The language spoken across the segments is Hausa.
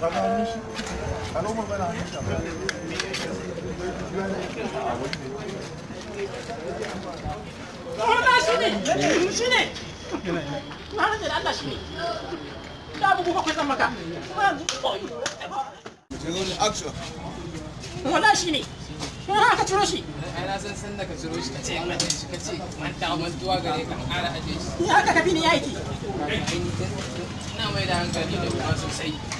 Wannan shi ne, shi ne. Na hanyar da Allah shi ne. Da bugu bakwai zan maka. Kuma yanzu koyi. Action. Wannan shi ne. Kuma ka ciro shi. Ai na san san ka ciro shi kace an aje shi kace man ta mantuwa gare ka ƙara aje yaki. Ina mai da hankali da kuma sosai.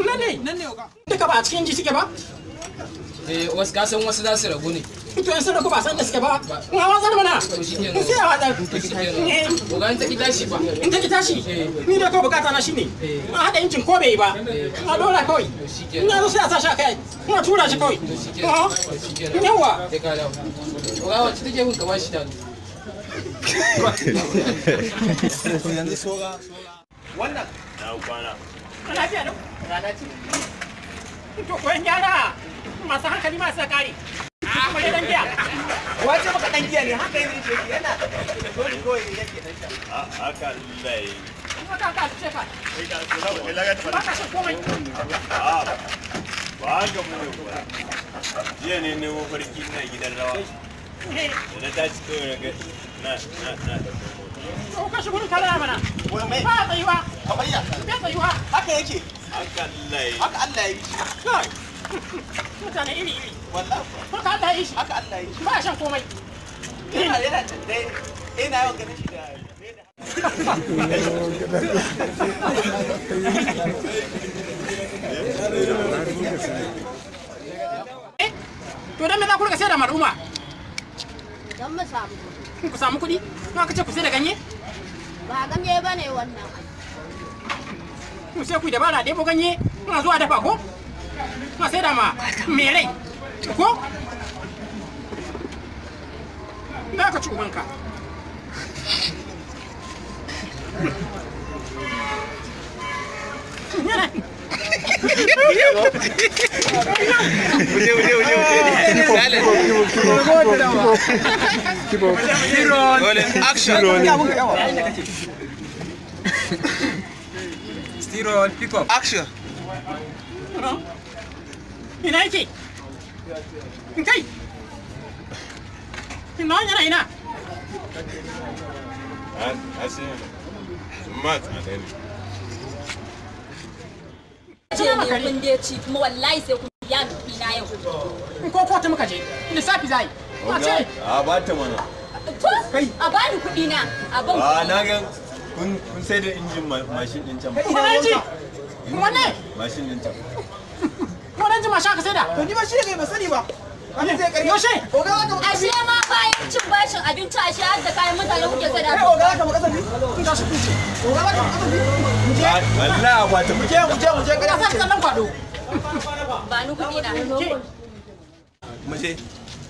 nan ne nan ne oga duka ba a cikin ji suke ba eh wasu kasan wasu za su ragu ne to yanzu ragu ba san da suke ba in zan mana in sai hawa zan eh. oga in ta ki tashi ba in ta tashi eh. ni da kawai bukata na shine in eh. haɗa injin ko bai ba a dora kawai in ya zo a sa a kai kuma tura shi kawai yawa oga wacce take hun kamar shi da wannan kwana lafiya rana ce to gyara masu hankali masu kuma ya dan giya wace maka dan giya ne haka yanzu ce yana dole yake dan sha a haka lai da ba ka ba jiya ne ne wo farki gidan rawa eh. da tashi to ga na na na ko ka shi gudu kala mana ba tsayuwa ka tsayuwa haka Allah haka Allah yi kai mutane iri iri wallahi haka Allah yi haka Allah yi ba shan komai ina yana dai ina eh, yawan ganin shi da eh, to dan me za ku rika sayar da al'umma dan mu samu ku samu kuɗi to aka ce ku sai da ganye ba ganye bane wannan Musa sai bala dabara dai mu ganye kuna zuwa dafa ko kuna sai da ma me rai ko Da ka ci ubanka Uje Action. pick up. Action. Ina yake? Kai! Ina yana ina? Asi, mat a Ce ne kun ci kuma wallahi sai kun ya biki na yau. Ko ko ta muka je, lissafi A ce? A ba ta mana. Kai! A bani kuɗi na, a ban ah, na gan kun sai da injin mashin din can kuma ji kuma ne mashin can kuma ji da ni ma shi masani ba oga ma bayan cin bashin abinci a har da kayan mutane kuke sai da kai oga tashi oga je mu je mu je sai kwado ba ni kudi na mu je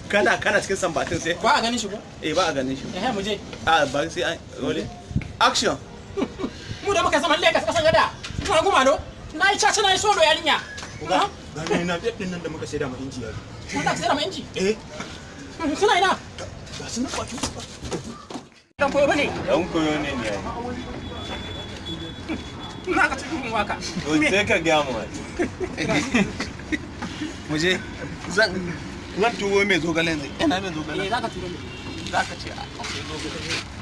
kana kana cikin sambatin sai ba a ganin shi ba eh ba a ganin shi eh mu je a ba sai an dole action mu da muka zaman Lagos kasan gada kuma kuma no na yi caca na yi solo yarinya ga ga ina din nan da muka saida ma inji yaro mun ka saida ma inji eh suna ina ga sun kwaci dan koyo bane dan koyo ne ne na ka cikin waka to sai ka ga mu muje zan zan tuwo mai zogalen zai ina mai zogalen eh zaka tuwo mai zaka ce ah, akwai zogalen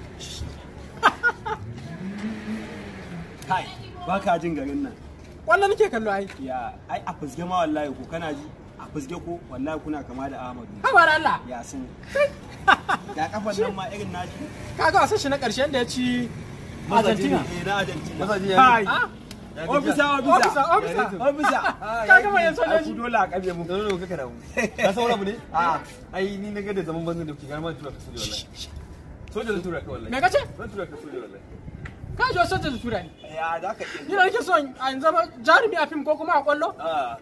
kai ba ka jin garin nan wannan nake kallo ai ya ai a fusge ma wallahi ko kana ji a fusge ko wallahi kuna kama da Ahmadu kabar Allah ya sun ga kafar nan ma irin naji kaga wasan shi na karshen da ya ci Argentina eh na Argentina kai ofisa ofisa ofisa ofisa K'a mai yanzu ne ku dole a kabe mu dole ka karamu ka saura mu ne a ai ni na ga da zaman banzan da kuke garma tura ka sojoji wallahi sojoji tura ka wallahi me kace zan tura ka sojoji wallahi ka ji wasu da tura ne ya da ka ke ni da so a zama jarumi a fim ko kuma a kwallo a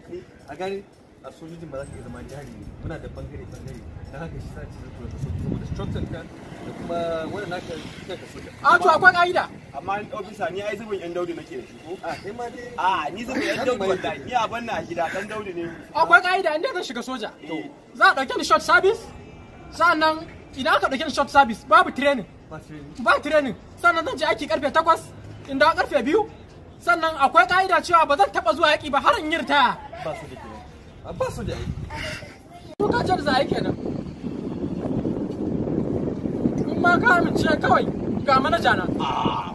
a gani a sojojin ba za ka iya zama jarumi muna da bangare bangare da haka shi sa ce zai tura kaso saboda structure ka da kuma wannan naka kai kaso ka a to akwai ka'ida amma ofisa ni ai zubin yan daudi nake da shi ko a kai ma dai a ni zubin yan daudi wallahi ni a banna a gida dan daudi ne akwai ka'ida inda zan shiga soja eh. za a dauke ni short service sa'annan idan aka dauke ni short service babu training ba training sannan zan je aiki karfe takwas inda karfe biyu sannan akwai ka'ida cewa ba zan taba zuwa aiki ba har in yi ritaya ba su da ah, ba su da ko ka ce da za a yi kenan in ma ka amince kawai ga manaja na ah,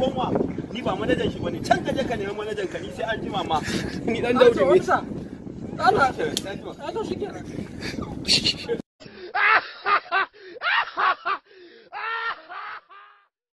kuma ni ba manajan shi bane can ka je ka nemi manajan ka ni sai an jima ma ni dan daudi ne Allah shi kenan